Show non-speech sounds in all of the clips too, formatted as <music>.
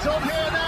It's on here now.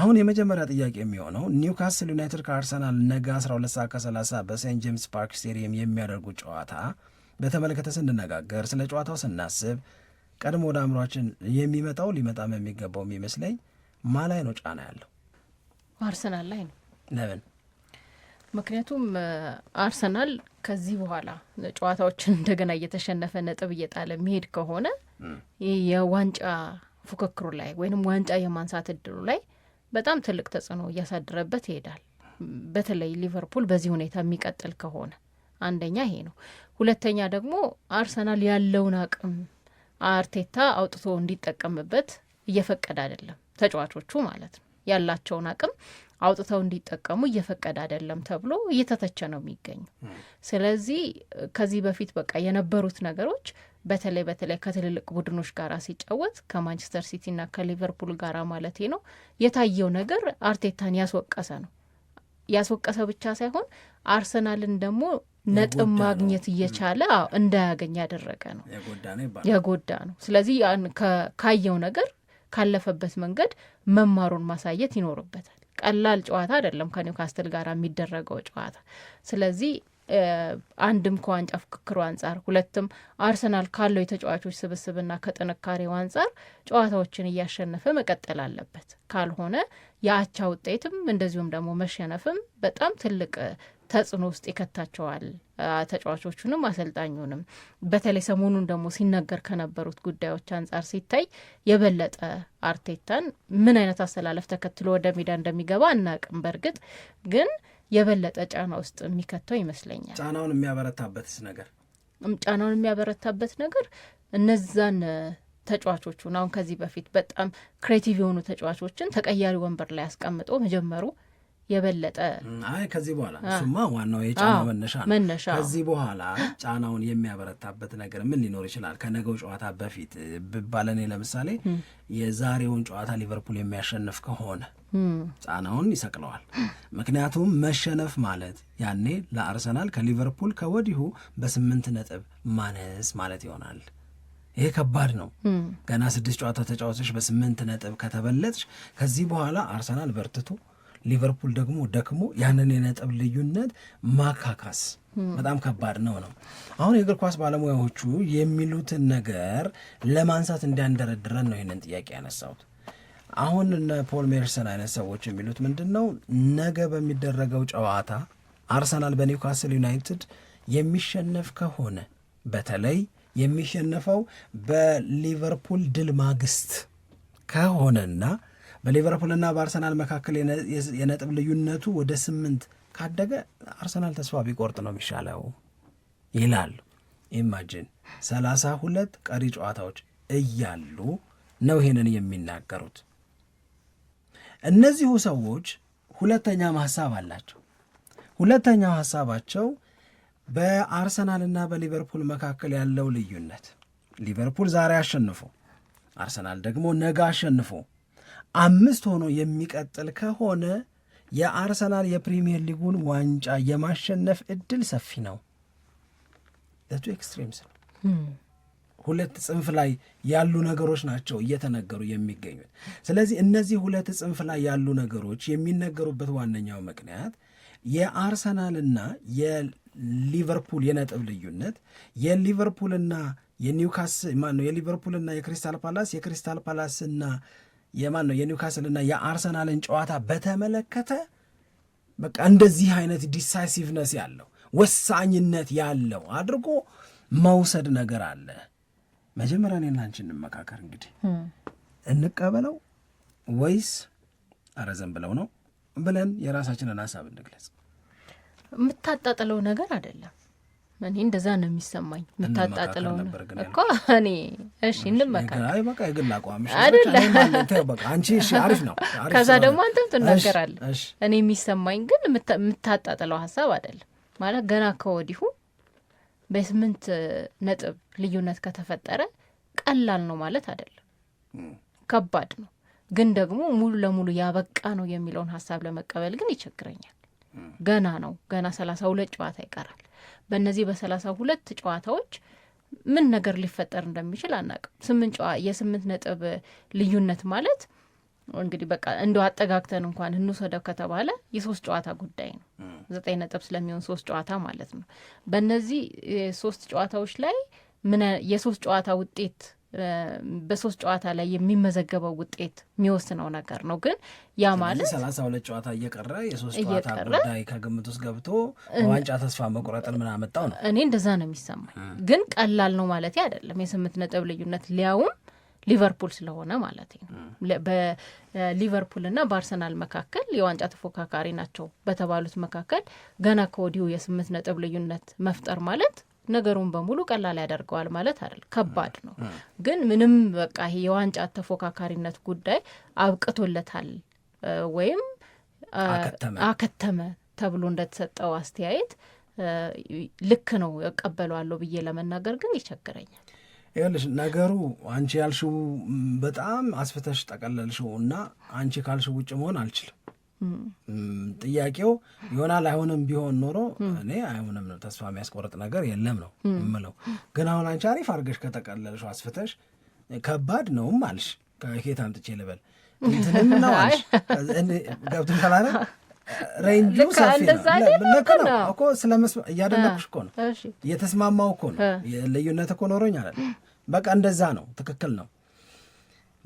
አሁን የመጀመሪያ ጥያቄ የሚሆነው ኒውካስል ዩናይትድ ከአርሰናል ነገ 12 ሰዓት ከ30 በሴንት ጄምስ ፓርክ ስቴዲየም የሚያደርጉት ጨዋታ በተመለከተ ስንነጋገር ስለ ጨዋታው ስናስብ ቀድሞ ወደ አእምሯችን የሚመጣው ሊመጣም የሚገባው የሚመስለኝ ማ ላይ ነው ጫና ያለው? አርሰናል ላይ ነው። ለምን? ምክንያቱም አርሰናል ከዚህ በኋላ ጨዋታዎችን እንደገና እየተሸነፈ ነጥብ እየጣለ ሚሄድ ከሆነ የዋንጫ ፉክክሩ ላይ ወይንም ዋንጫ የማንሳት እድሉ ላይ በጣም ትልቅ ተጽዕኖ እያሳደረበት ይሄዳል። በተለይ ሊቨርፑል በዚህ ሁኔታ የሚቀጥል ከሆነ አንደኛ ይሄ ነው። ሁለተኛ ደግሞ አርሰናል ያለውን አቅም አርቴታ አውጥቶ እንዲጠቀምበት እየፈቀደ አይደለም። ተጫዋቾቹ ማለት ነው ያላቸውን አቅም አውጥተው እንዲጠቀሙ እየፈቀደ አይደለም ተብሎ እየተተቸ ነው የሚገኙ። ስለዚህ ከዚህ በፊት በቃ የነበሩት ነገሮች በተለይ በተለይ ከትልልቅ ቡድኖች ጋር ሲጫወት ከማንቸስተር ሲቲና ከሊቨርፑል ጋር ማለት ነው የታየው ነገር አርቴታን ያስወቀሰ ነው። ያስወቀሰ ብቻ ሳይሆን አርሰናልን ደግሞ ነጥብ ማግኘት እየቻለ እንዳያገኝ ያደረገ ነው፣ የጎዳ ነው። ስለዚህ ካየው ነገር ካለፈበት መንገድ መማሩን ማሳየት ይኖርበታል። ቀላል ጨዋታ አይደለም ከኒውካስትል ጋር የሚደረገው ጨዋታ ስለዚህ አንድም ከዋንጫ ፍክክሩ አንጻር ሁለትም አርሰናል ካለው የተጫዋቾች ስብስብና ከጥንካሬው አንጻር ጨዋታዎችን እያሸነፈ መቀጠል አለበት። ካልሆነ የአቻ ውጤትም እንደዚሁም ደግሞ መሸነፍም በጣም ትልቅ ተጽዕኖ ውስጥ ይከታቸዋል ተጫዋቾቹንም አሰልጣኙንም። በተለይ ሰሞኑን ደግሞ ሲነገር ከነበሩት ጉዳዮች አንጻር ሲታይ የበለጠ አርቴታን ምን አይነት አሰላለፍ ተከትሎ ወደ ሜዳ እንደሚገባ አናቅም። በእርግጥ ግን የበለጠ ጫና ውስጥ የሚከተው ይመስለኛል። ጫናውን የሚያበረታበት ነገር ጫናውን የሚያበረታበት ነገር እነዛን ተጫዋቾቹን አሁን ከዚህ በፊት በጣም ክሬቲቭ የሆኑ ተጫዋቾችን ተቀያሪ ወንበር ላይ አስቀምጦ መጀመሩ የበለጠ አይ ከዚህ በኋላ እሱማ ዋናው የጫና መነሻ ነው። መነሻ ከዚህ በኋላ ጫናውን የሚያበረታበት ነገር ምን ሊኖር ይችላል? ከነገው ጨዋታ በፊት ብባለኔ ለምሳሌ የዛሬውን ጨዋታ ሊቨርፑል የሚያሸንፍ ከሆነ ጫናውን ይሰቅለዋል። ምክንያቱም መሸነፍ ማለት ያኔ ለአርሰናል ከሊቨርፑል ከወዲሁ በስምንት ነጥብ ማነስ ማለት ይሆናል። ይሄ ከባድ ነው። ገና ስድስት ጨዋታ ተጫዋቾች በስምንት ነጥብ ከተበለጥሽ ከዚህ በኋላ አርሰናል በርትቶ ሊቨርፑል ደግሞ ደክሞ ያንን የነጥብ ልዩነት ማካካስ በጣም ከባድ ነው ነው አሁን የእግር ኳስ ባለሙያዎቹ የሚሉትን ነገር ለማንሳት እንዲያንደረድረን ነው ይህንን ጥያቄ ያነሳሁት። አሁን እነ ፖል ሜርሰን አይነት ሰዎች የሚሉት ምንድን ነው፣ ነገ በሚደረገው ጨዋታ አርሰናል በኒውካስል ዩናይትድ የሚሸነፍ ከሆነ በተለይ የሚሸነፈው በሊቨርፑል ድል ማግስት ከሆነና በሊቨርፑልና በአርሰናል መካከል የነጥብ ልዩነቱ ወደ ስምንት ካደገ አርሰናል ተስፋ ቢቆርጥ ነው የሚሻለው ይላሉ። ኢማጂን ሰላሳ ሁለት ቀሪ ጨዋታዎች እያሉ ነው ይሄንን የሚናገሩት። እነዚሁ ሰዎች ሁለተኛም ሀሳብ አላቸው። ሁለተኛው ሀሳባቸው በአርሰናልና በሊቨርፑል መካከል ያለው ልዩነት ሊቨርፑል ዛሬ አሸንፎ አርሰናል ደግሞ ነገ አሸንፎ አምስት ሆኖ የሚቀጥል ከሆነ የአርሰናል የፕሪሚየር ሊጉን ዋንጫ የማሸነፍ እድል ሰፊ ነው። ቱ ኤክስትሪምስ ነው። hmm. ሁለት ጽንፍ ላይ ያሉ ነገሮች ናቸው እየተነገሩ የሚገኙት። ስለዚህ እነዚህ ሁለት ጽንፍ ላይ ያሉ ነገሮች የሚነገሩበት ዋነኛው ምክንያት የአርሰናልና የሊቨርፑል የነጥብ ልዩነት የሊቨርፑልና የኒውካስ ማነው የሊቨርፑልና የክሪስታል ፓላስ የክሪስታል ፓላስና የማን ነው የኒውካስልና የአርሰናልን ጨዋታ በተመለከተ በቃ እንደዚህ አይነት ዲሳይሲቭነስ ያለው ወሳኝነት ያለው አድርጎ መውሰድ ነገር አለ። መጀመሪያ እኔና አንቺ እንመካከር እንግዲህ እንቀበለው ወይስ አረዘም ብለው ነው ብለን የራሳችንን ሀሳብ እንግለጽ። የምታጣጥለው ነገር አይደለም። እኔ እንደዛ ነው የሚሰማኝ። የምታጣጥለው እኮ እኔ እሺ እንመካል ነው። ከዛ ደግሞ አንተም ትናገራለህ። እኔ የሚሰማኝ ግን የምታጣጥለው ሀሳብ አይደለም ማለት ገና ከወዲሁ በስምንት ነጥብ ልዩነት ከተፈጠረ ቀላል ነው ማለት አይደለም፣ ከባድ ነው። ግን ደግሞ ሙሉ ለሙሉ ያበቃ ነው የሚለውን ሀሳብ ለመቀበል ግን ይቸግረኛል። ገና ነው። ገና ሰላሳ ሁለት ጨዋታ ይቀራል። በእነዚህ በሰላሳ ሁለት ጨዋታዎች ምን ነገር ሊፈጠር እንደሚችል አናቅም። ስምንት ጨዋ የስምንት ነጥብ ልዩነት ማለት እንግዲህ በቃ እንደ አጠጋግተን እንኳን እንውሰደው ከተባለ የሶስት ጨዋታ ጉዳይ ነው። ዘጠኝ ነጥብ ስለሚሆን ሶስት ጨዋታ ማለት ነው። በእነዚህ ሶስት ጨዋታዎች ላይ ምን የሶስት ጨዋታ ውጤት በሶስት ጨዋታ ላይ የሚመዘገበው ውጤት የሚወስነው ነገር ነው። ግን ያ ማለት ሰላሳ ሁለት ጨዋታ እየቀረ የሶስት ጨዋታ ጉዳይ ከግምት ውስጥ ገብቶ ዋንጫ ተስፋ መቁረጥን ምን አመጣው ነው። እኔ እንደዛ ነው የሚሰማኝ። ግን ቀላል ነው ማለት አይደለም። የስምንት ነጥብ ልዩነት ሊያውም ሊቨርፑል ስለሆነ ማለት ነው። በሊቨርፑልና በአርሰናል መካከል የዋንጫ ተፎካካሪ ናቸው በተባሉት መካከል ገና ከወዲሁ የስምንት ነጥብ ልዩነት መፍጠር ማለት ነገሩን በሙሉ ቀላል ያደርገዋል ማለት አይደል፣ ከባድ ነው። ግን ምንም በቃ ይሄ የዋንጫ ተፎካካሪነት ጉዳይ አብቅቶለታል ወይም አከተመ ተብሎ እንደተሰጠው አስተያየት ልክ ነው እቀበለዋለሁ ብዬ ለመናገር ግን ይቸግረኛል። ይኸውልሽ ነገሩ አንቺ ያልሽው በጣም አስፍተሽ ጠቀለልሽው እና አንቺ ካልሽው ውጭ መሆን አልችልም ጥያቄው ይሆናል አይሆንም ቢሆን ኖሮ እኔ አይሆንም ነው፣ ተስፋ የሚያስቆርጥ ነገር የለም ነው የምለው። ግን አሁን አንቺ አሪፍ አድርገሽ ከጠቀለልሽ አስፍተሽ ከባድ ነውም አልሽ፣ ከኬት አምጥቼ ልበል እንትንም ነው አልሽ ገብቶ ተላለ ሬንጁ ሰፊ ነው። ልክ ነው እኮ እያደነኩሽ እኮ ነው፣ እየተስማማው እኮ ነው። ልዩነት እኮ ኖሮኝ አለ። በቃ እንደዛ ነው። ትክክል ነው።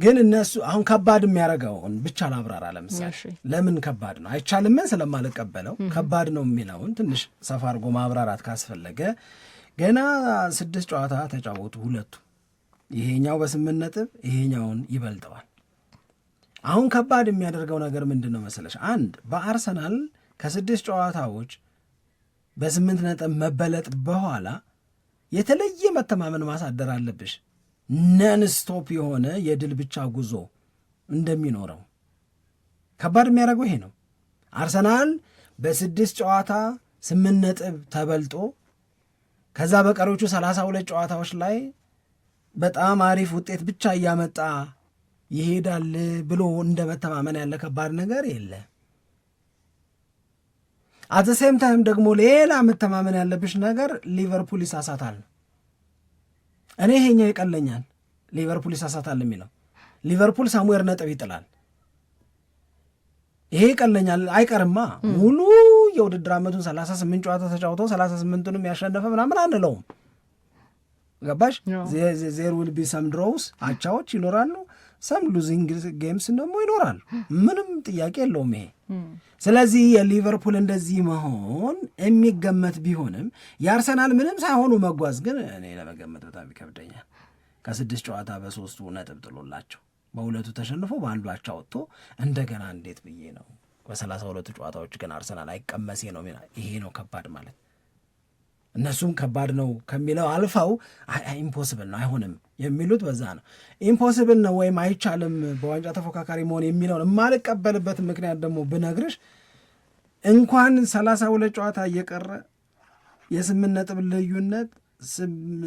ግን እነሱ አሁን ከባድ የሚያደርገውን ብቻ ላብራራ። ለምሳሌ ለምን ከባድ ነው አይቻልምን ስለማልቀበለው ከባድ ነው የሚለውን ትንሽ ሰፋ አድርጎ ማብራራት ካስፈለገ ገና ስድስት ጨዋታ ተጫወቱ ሁለቱ ይሄኛው በስምንት ነጥብ ይሄኛውን ይበልጠዋል። አሁን ከባድ የሚያደርገው ነገር ምንድን ነው መሰለሽ? አንድ በአርሰናል ከስድስት ጨዋታዎች በስምንት ነጥብ መበለጥ በኋላ የተለየ መተማመን ማሳደር አለብሽ። ነንስቶፕ የሆነ የድል ብቻ ጉዞ እንደሚኖረው ከባድ የሚያደርገው ይሄ ነው። አርሰናል በስድስት ጨዋታ ስምንት ነጥብ ተበልጦ ከዛ በቀሪዎቹ ሰላሳ ሁለት ጨዋታዎች ላይ በጣም አሪፍ ውጤት ብቻ እያመጣ ይሄዳል ብሎ እንደ መተማመን ያለ ከባድ ነገር የለ። አት ሴም ታይም ደግሞ ሌላ መተማመን ያለብሽ ነገር ሊቨርፑል ይሳሳታል ነው እኔ ይሄኛው ይቀለኛል። ሊቨርፑል ይሳሳታል የሚለው ሊቨርፑል ሳሙኤል ነጥብ ይጥላል። ይሄ ይቀለኛል አይቀርማ። ሙሉ የውድድር አመቱን ሰላሳ ስምንት ጨዋታ ተጫውቶ ሰላሳ ስምንቱንም ያሸነፈ ምናምን አንለውም። ገባሽ? ዜር ዊል ቢ ሰም ድሮውስ አቻዎች ይኖራሉ፣ ሰም ሉዚንግ ጌምስ ደግሞ ይኖራሉ። ምንም ጥያቄ የለውም ይሄ። ስለዚህ የሊቨርፑል እንደዚህ መሆን የሚገመት ቢሆንም የአርሰናል ምንም ሳይሆኑ መጓዝ ግን እኔ ለመገመት በጣም ይከብደኛል። ከስድስት ጨዋታ በሶስቱ ነጥብ ጥሎላቸው በሁለቱ ተሸንፎ በአንዱ አቻ ወጥቶ እንደገና እንዴት ብዬ ነው በሰላሳ ሁለቱ ጨዋታዎች ግን አርሰናል አይቀመሴ ነው ይሄ ነው ከባድ ማለት እነሱም ከባድ ነው ከሚለው አልፈው ኢምፖስብል ነው አይሆንም የሚሉት በዛ ነው። ኢምፖስብል ነው ወይም አይቻልም በዋንጫ ተፎካካሪ መሆን የሚለውን የማልቀበልበት ምክንያት ደግሞ ብነግርሽ እንኳን ሰላሳ ሁለት ጨዋታ እየቀረ የስምንት ነጥብ ልዩነት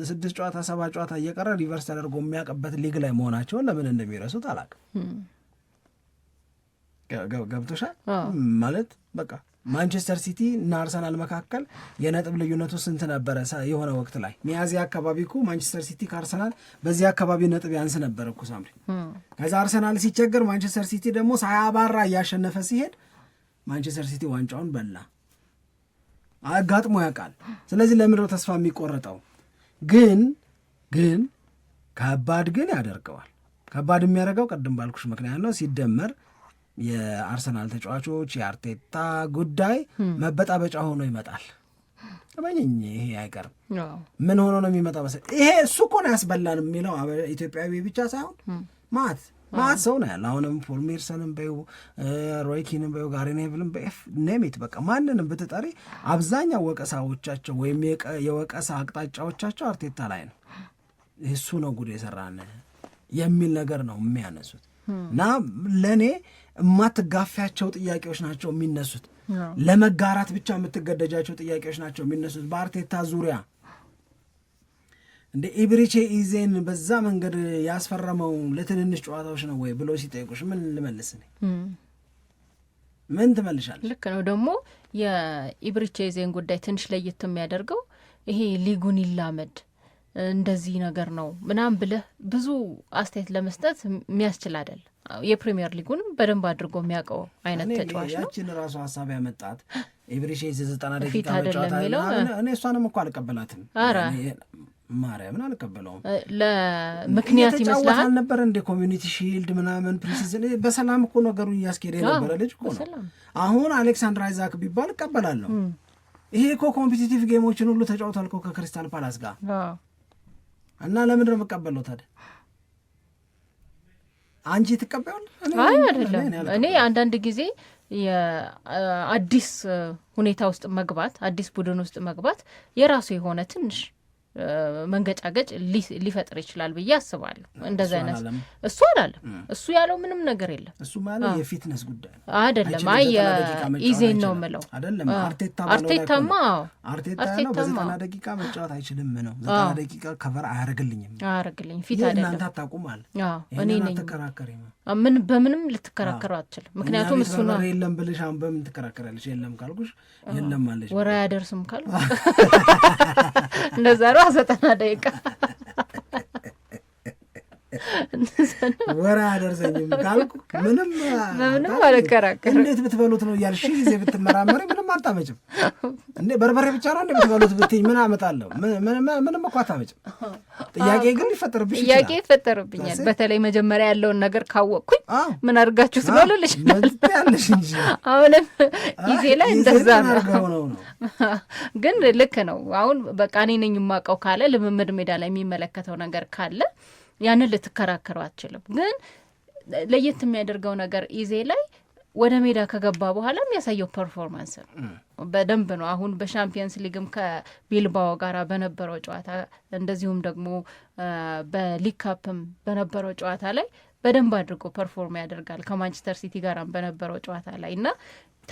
ስድስት ጨዋታ ሰባት ጨዋታ እየቀረ ሪቨርስ ተደርጎ የሚያውቅበት ሊግ ላይ መሆናቸውን ለምን እንደሚረሱት አላቅም ገብቶሻል ማለት በቃ ማንቸስተር ሲቲ እና አርሰናል መካከል የነጥብ ልዩነቱ ስንት ነበረ? የሆነ ወቅት ላይ ሚያዚያ አካባቢ እኮ ማንቸስተር ሲቲ ከአርሰናል በዚህ አካባቢ ነጥብ ያንስ ነበር እኮ ሳምሪ። ከዛ አርሰናል ሲቸገር ማንቸስተር ሲቲ ደግሞ ሳያባራ እያሸነፈ ሲሄድ ማንቸስተር ሲቲ ዋንጫውን በላ አጋጥሞ ያውቃል። ስለዚህ ለምድረው ተስፋ የሚቆረጠው ግን ግን ከባድ ግን ያደርገዋል። ከባድ የሚያደርገው ቅድም ባልኩሽ ምክንያት ነው ሲደመር የአርሰናል ተጫዋቾች የአርቴታ ጉዳይ hmm. መበጣበጫ ሆኖ ይመጣል። እመኝኝ ይሄ አይቀርም። ምን ሆኖ ነው የሚመጣው መሰለህ? ይሄ እሱ እኮ ነው ያስበላን የሚለው ኢትዮጵያዊ ብቻ ሳይሆን hmm. ማት ማት ሰው ነው ያለ። አሁንም ፖል ሜርሰንም በይው ሮይኪንም በይው ጋሪ ኔቭልም በኤፍ ኔሜት በቃ ማንንም ብትጠሪ አብዛኛው ወቀሳዎቻቸው ወይም የወቀሳ አቅጣጫዎቻቸው አርቴታ ላይ ነው። እሱ ነው ጉድ የሰራን የሚል ነገር ነው የሚያነሱት hmm. እና ለእኔ የማትጋፊያቸው ጥያቄዎች ናቸው የሚነሱት። ለመጋራት ብቻ የምትገደጃቸው ጥያቄዎች ናቸው የሚነሱት። በአርቴታ ዙሪያ እንደ ኢብሪቼ ኢዜን በዛ መንገድ ያስፈረመው ለትንንሽ ጨዋታዎች ነው ወይ ብሎ ሲጠይቁሽ ምን ልመልስ? ምን ትመልሻለሽ? ልክ ነው። ደግሞ የኢብሪቼ ኢዜን ጉዳይ ትንሽ ለየት የሚያደርገው ይሄ ሊጉን ይላመድ እንደዚህ ነገር ነው ምናም ብለህ ብዙ አስተያየት ለመስጠት የሚያስችል አይደለም። የፕሪሚየር ሊጉንም በደንብ አድርጎ የሚያውቀው አይነት ተጫዋች ነው። ያችን ራሱ ሀሳብ ያመጣት ኤብሪሼዝ ዘጠና ደቂቃ መጫወት እኔ እሷንም እኮ አልቀበላትም። ኧረ ማርያምን አልቀበለውም። ለምክንያት ይመስላል አልነበረ እንደ ኮሚኒቲ ሺልድ ምናምን ፕሪሲዝ በሰላም እኮ ነገሩ እያስኬደ የነበረ ልጅ እኮ ነው። አሁን አሌክሳንድር አይዛክ ቢባል እቀበላለሁ። ይሄ እኮ ኮምፒቲቲቭ ጌሞችን ሁሉ ተጫውቷል እኮ ከክሪስታል ፓላስ ጋር እና ለምንድን ነው የምቀበለው ታዲያ? አንቺ ትቀበያል? አይደለም እኔ አንዳንድ ጊዜ የአዲስ ሁኔታ ውስጥ መግባት አዲስ ቡድን ውስጥ መግባት የራሱ የሆነ ትንሽ መንገጫገጭ ሊፈጥር ይችላል ብዬ አስባለሁ። እንደዚ አይነት እሱ አላለም። እሱ ያለው ምንም ነገር የለም። እሱ ማለት የፊትነስ ጉዳይ አይደለም። አይ ኢዜን ነው ምለው አይደለም። አርቴታማ አርቴታማ ደቂቃ መጫወት አይችልም ነው ዘጠና ደቂቃ ከቨር ፊት አይደለም እናንተ አታቁም አለ እኔ ነኝ ተከራከሪ ነው ምን በምንም ልትከራከረ አትችልም። ምክንያቱም እሱ ነው። የለም ብልሽ አሁን በምን ትከራከራለች? የለም ካልኩሽ የለም አለች። ወራ ያደርስም ካልኩ <laughs> እንደዛ ነው። ዘጠና ደቂቃ <laughs> ወራ አደርሰኝም ካልኩ ምንም ምንም አልከራከርም። እንዴት ብትበሉት ነው እያልሽ ጊዜ ብትመራመሪ ምንም አታመጭም። እንደ በርበሬ ብቻ ነው እንደ ብትበሉት ብትይኝ ምን አመጣለሁ? ምንም እኮ አታመጭም። ጥያቄ ግን ይፈጠርብሽ ጥያቄ ይፈጠርብኛል። በተለይ መጀመሪያ ያለውን ነገር ካወቅኩኝ ምን አድርጋችሁ ትበሉልሽ ያለሽ እንጂ አሁንም ጊዜ ላይ እንደዛ ነው። <laughs> ግን ልክ ነው። አሁን በቃ እኔ ነኝ የማውቀው ካለ ልምምድ ሜዳ ላይ የሚመለከተው ነገር ካለ ያንን ልትከራከረው አትችልም። ግን ለየት የሚያደርገው ነገር ኢዜ ላይ ወደ ሜዳ ከገባ በኋላ የሚያሳየው ፐርፎርማንስ ነው። በደንብ ነው። አሁን በሻምፒየንስ ሊግም ከቢልባኦ ጋር በነበረው ጨዋታ እንደዚሁም ደግሞ በሊግ ካፕም በነበረው ጨዋታ ላይ በደንብ አድርጎ ፐርፎርም ያደርጋል። ከማንቸስተር ሲቲ ጋራም በነበረው ጨዋታ ላይ እና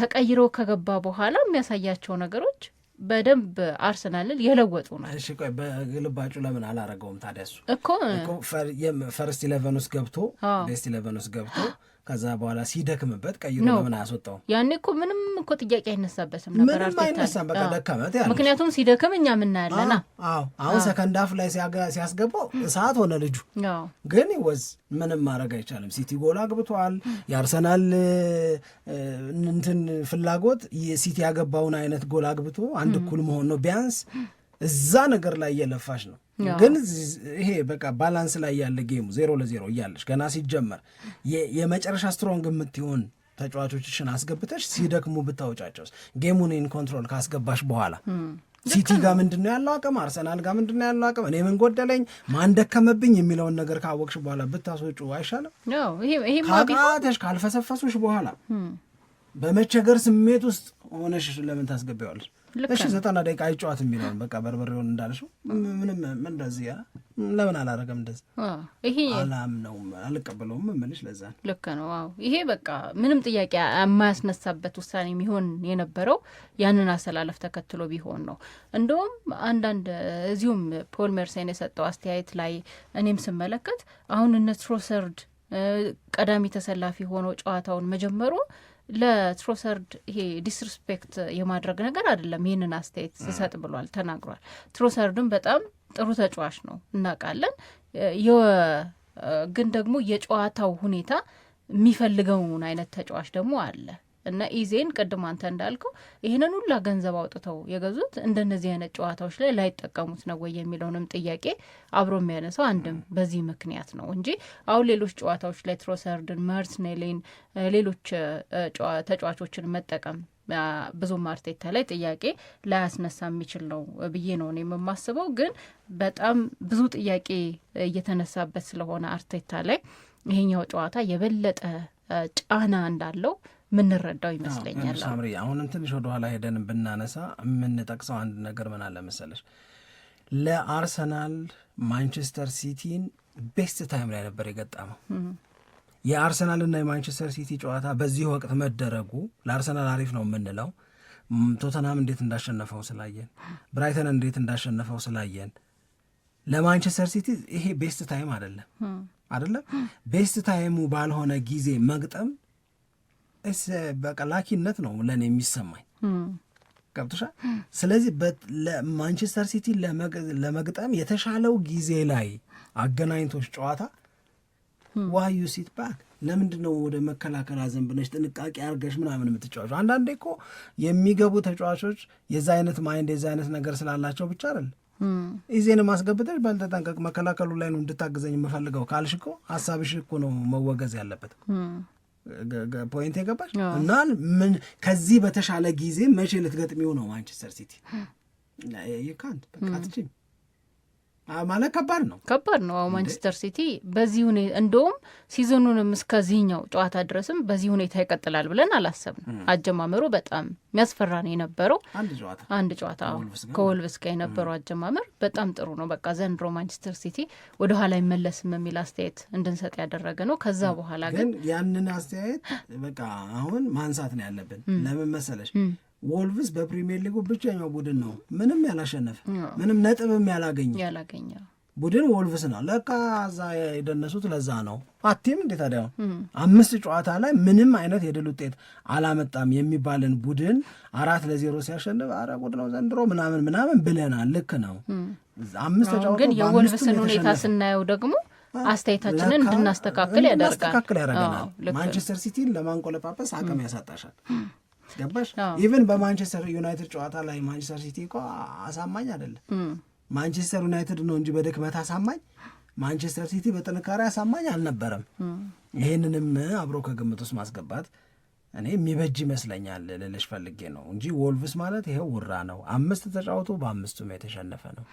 ተቀይሮ ከገባ በኋላ የሚያሳያቸው ነገሮች በደንብ አርሰናልን የለወጡ ነው። እሺ ቆይ በግልባጩ ለምን አላረገውም ታዲያ? እሱ እኮ ፈርስት ኢለቨን ውስጥ ገብቶ ቤስት ኢለቨን ውስጥ ገብቶ ከዛ በኋላ ሲደክምበት ቀይሮ ለምን አስወጣው? ያኔ እኮ ምንም እኮ ጥያቄ አይነሳበትም ነበር። ምንም አይነሳም። በቃ ደከመት ምክንያቱም ሲደክም እኛ የምናያለና። አዎ አሁን ሰከንድ አፍ ላይ ሲያስገባው እሳት ሆነ ልጁ። ግን ወዝ ምንም ማድረግ አይቻልም። ሲቲ ጎል አግብቷል። የአርሰናል እንትን ፍላጎት ሲቲ ያገባውን አይነት ጎል አግብቶ አንድ እኩል መሆን ነው ቢያንስ እዛ ነገር ላይ እየለፋች ነው። ግን ይሄ በቃ ባላንስ ላይ ያለ ጌሙ ዜሮ ለዜሮ እያለች ገና ሲጀመር የመጨረሻ ስትሮንግ የምትሆን ተጫዋቾችሽን አስገብተሽ ሲደክሙ ብታወጫቸው ጌሙን ኢን ኮንትሮል ካስገባሽ በኋላ ሲቲ ጋር ምንድነው ያለው አቅም፣ አርሰናል ጋር ምንድነው ያለው አቅም፣ እኔ ምን ጎደለኝ፣ ማን ደከመብኝ የሚለውን ነገር ካወቅሽ በኋላ ብታስወጩ አይሻልም? ካቃተሽ ካልፈሰፈሱሽ በኋላ በመቸገር ስሜት ውስጥ ሆነሽ ለምን ታስገቢዋለሽ? እሺ ዘጠና ደቂቃ አይጨዋት የሚለውን በቃ በርበሬውን እንዳልሽው ምንም እንደዚህ ለምን አላረገም እንደዚህ ይሄ አላምነውም አልቀበለውም እምልሽ ለዛ ነው። ልክ ነው። አዎ ይሄ በቃ ምንም ጥያቄ የማያስነሳበት ውሳኔ የሚሆን የነበረው ያንን አሰላለፍ ተከትሎ ቢሆን ነው። እንደውም አንዳንድ እዚሁም ፖል ሜርሴን የሰጠው አስተያየት ላይ እኔም ስመለከት አሁን እነ ትሮሰርድ ቀዳሚ ተሰላፊ ሆኖ ጨዋታውን መጀመሩ ለትሮሰርድ ይሄ ዲስሪስፔክት የማድረግ ነገር አይደለም። ይህንን አስተያየት ስሰጥ ብሏል ተናግሯል። ትሮሰርድም በጣም ጥሩ ተጫዋች ነው እናውቃለን። ግን ደግሞ የጨዋታው ሁኔታ የሚፈልገውን አይነት ተጫዋች ደግሞ አለ እና ኢዜን ቅድም አንተ እንዳልከው ይህንን ሁላ ገንዘብ አውጥተው የገዙት እንደነዚህ አይነት ጨዋታዎች ላይ ላይጠቀሙት ነው ወይ የሚለውንም ጥያቄ አብሮ የሚያነሳው አንድም በዚህ ምክንያት ነው እንጂ አሁን ሌሎች ጨዋታዎች ላይ ትሮሰርድን፣ ኔሌን ሌሎች ተጫዋቾችን መጠቀም ብዙም አርቴታ ላይ ጥያቄ ላያስነሳ የሚችል ነው ብዬ ነው የምማስበው። ግን በጣም ብዙ ጥያቄ እየተነሳበት ስለሆነ አርቴታ ላይ ይሄኛው ጨዋታ የበለጠ ጫና እንዳለው ምንረዳው ይመስለኛል። ሳምሪ አሁንም ትንሽ ወደኋላ ሄደን ብናነሳ የምንጠቅሰው አንድ ነገር ምን አለ መሰለሽ፣ ለአርሰናል ማንቸስተር ሲቲን ቤስት ታይም ላይ ነበር የገጠመው። የአርሰናልና የማንቸስተር ሲቲ ጨዋታ በዚህ ወቅት መደረጉ ለአርሰናል አሪፍ ነው የምንለው ቶተናም እንዴት እንዳሸነፈው ስላየን፣ ብራይተን እንዴት እንዳሸነፈው ስላየን፣ ለማንቸስተር ሲቲ ይሄ ቤስት ታይም አይደለም አይደለም። ቤስት ታይሙ ባልሆነ ጊዜ መግጠም በቃ ላኪነት ነው ለእኔ የሚሰማኝ ገብቶሻል። ስለዚህ ማንቸስተር ሲቲ ለመግጠም የተሻለው ጊዜ ላይ አገናኝቶች ጨዋታ ዋዩ ሲት ባክ ለምንድን ነው ወደ መከላከል አዘንብነሽ ጥንቃቄ አርገሽ ምናምን የምትጫዋቹ? አንዳንዴ እኮ የሚገቡ ተጫዋቾች የዛ አይነት ማይንድ የዛ አይነት ነገር ስላላቸው ብቻ አይደል ኢዜን ማስገብተሽ ባልተጠንቀቅ መከላከሉ ላይ ነው እንድታግዘኝ የምፈልገው ካልሽ እኮ ሀሳብሽ እኮ ነው መወገዝ ያለበት። ፖይንት የገባች እና ምን ከዚህ በተሻለ ጊዜ መቼ ልትገጥሚው ነው ማንቸስተር ሲቲ ይካንት በቃ አትችም ማለት ከባድ ነው ከባድ ነው። አዎ ማንቸስተር ሲቲ በዚህ ሁኔታ እንደውም ሲዝኑንም እስከዚህኛው ጨዋታ ድረስም በዚህ ሁኔታ ይቀጥላል ብለን አላሰብንም። አጀማመሩ በጣም የሚያስፈራ ነው የነበረው። አንድ ጨዋታ ከወልቭስ ጋር የነበረው አጀማመር በጣም ጥሩ ነው። በቃ ዘንድሮ ማንቸስተር ሲቲ ወደኋላ አይመለስም የሚል አስተያየት እንድንሰጥ ያደረገ ነው። ከዛ በኋላ ግን ያንን አስተያየት በቃ አሁን ማንሳት ነው ያለብን። ለምን መሰለሽ ወልቭስ በፕሪሚየር ሊጉ ብቸኛው ቡድን ነው ምንም ያላሸነፈ ምንም ነጥብም ያላገኘ ቡድን ወልቭስ ነው። ለካ እዛ የደነሱት ለዛ ነው። አቲም እንዴት ታዲያ አምስት ጨዋታ ላይ ምንም አይነት የድል ውጤት አላመጣም የሚባልን ቡድን አራት ለዜሮ ሲያሸንፍ አረ ጉድ ነው ዘንድሮ ምናምን ምናምን ብለናል። ልክ ነው። አምስት ተጫዋቾች ግን የወልቭስን ሁኔታ ስናየው ደግሞ አስተያየታችንን እንድናስተካክል ያደርጋል። ማንቸስተር ሲቲን ለማንቆለጳጳስ አቅም ያሳጣሻል። ገባሽ? ኢቨን በማንቸስተር ዩናይትድ ጨዋታ ላይ ማንቸስተር ሲቲ እኮ አሳማኝ አይደለም። ማንቸስተር ዩናይትድ ነው እንጂ በድክመት አሳማኝ፣ ማንቸስተር ሲቲ በጥንካሬ አሳማኝ አልነበረም። ይህንንም አብሮ ከግምት ውስጥ ማስገባት እኔ የሚበጅ ይመስለኛል ልልሽ ፈልጌ ነው እንጂ ወልቭስ ማለት ይሄው ውራ ነው። አምስት ተጫውቶ በአምስቱም የተሸነፈ ነው።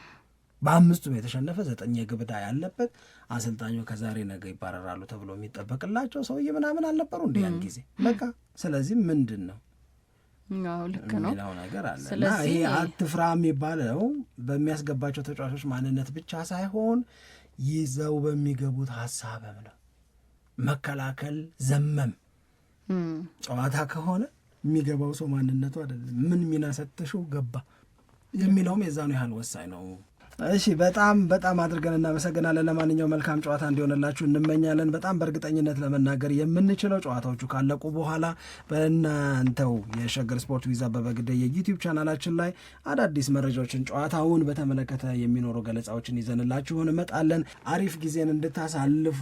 በአምስቱም የተሸነፈ ዘጠኝ የግብ ያለበት አሰልጣኙ ከዛሬ ነገ ይባረራሉ ተብሎ የሚጠበቅላቸው ሰውዬ ምናምን አልነበሩ እንዲያን ጊዜ በቃ። ስለዚህ ምንድን ነው የሚለው ነገር አለ እና ይሄ አትፍራ የሚባለው በሚያስገባቸው ተጫዋቾች ማንነት ብቻ ሳይሆን ይዘው በሚገቡት ሀሳብም ነው። መከላከል ዘመም ጨዋታ ከሆነ የሚገባው ሰው ማንነቱ አይደለም፣ ምን ሚና ሰጥሽው ገባ የሚለውም የዛኑ ያህል ወሳኝ ነው። እሺ በጣም በጣም አድርገን እናመሰግናለን። ለማንኛውም መልካም ጨዋታ እንዲሆንላችሁ እንመኛለን። በጣም በእርግጠኝነት ለመናገር የምንችለው ጨዋታዎቹ ካለቁ በኋላ በእናንተው የሸገር ስፖርት ዊዛ በበግደ የዩቲዩብ ቻናላችን ላይ አዳዲስ መረጃዎችን ጨዋታውን በተመለከተ የሚኖሩ ገለጻዎችን ይዘንላችሁ እንመጣለን። አሪፍ ጊዜን እንድታሳልፉ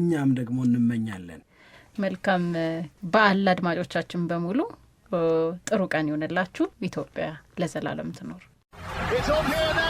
እኛም ደግሞ እንመኛለን። መልካም በዓል አድማጮቻችን በሙሉ ጥሩ ቀን ይሆንላችሁ። ኢትዮጵያ ለዘላለም ትኖር።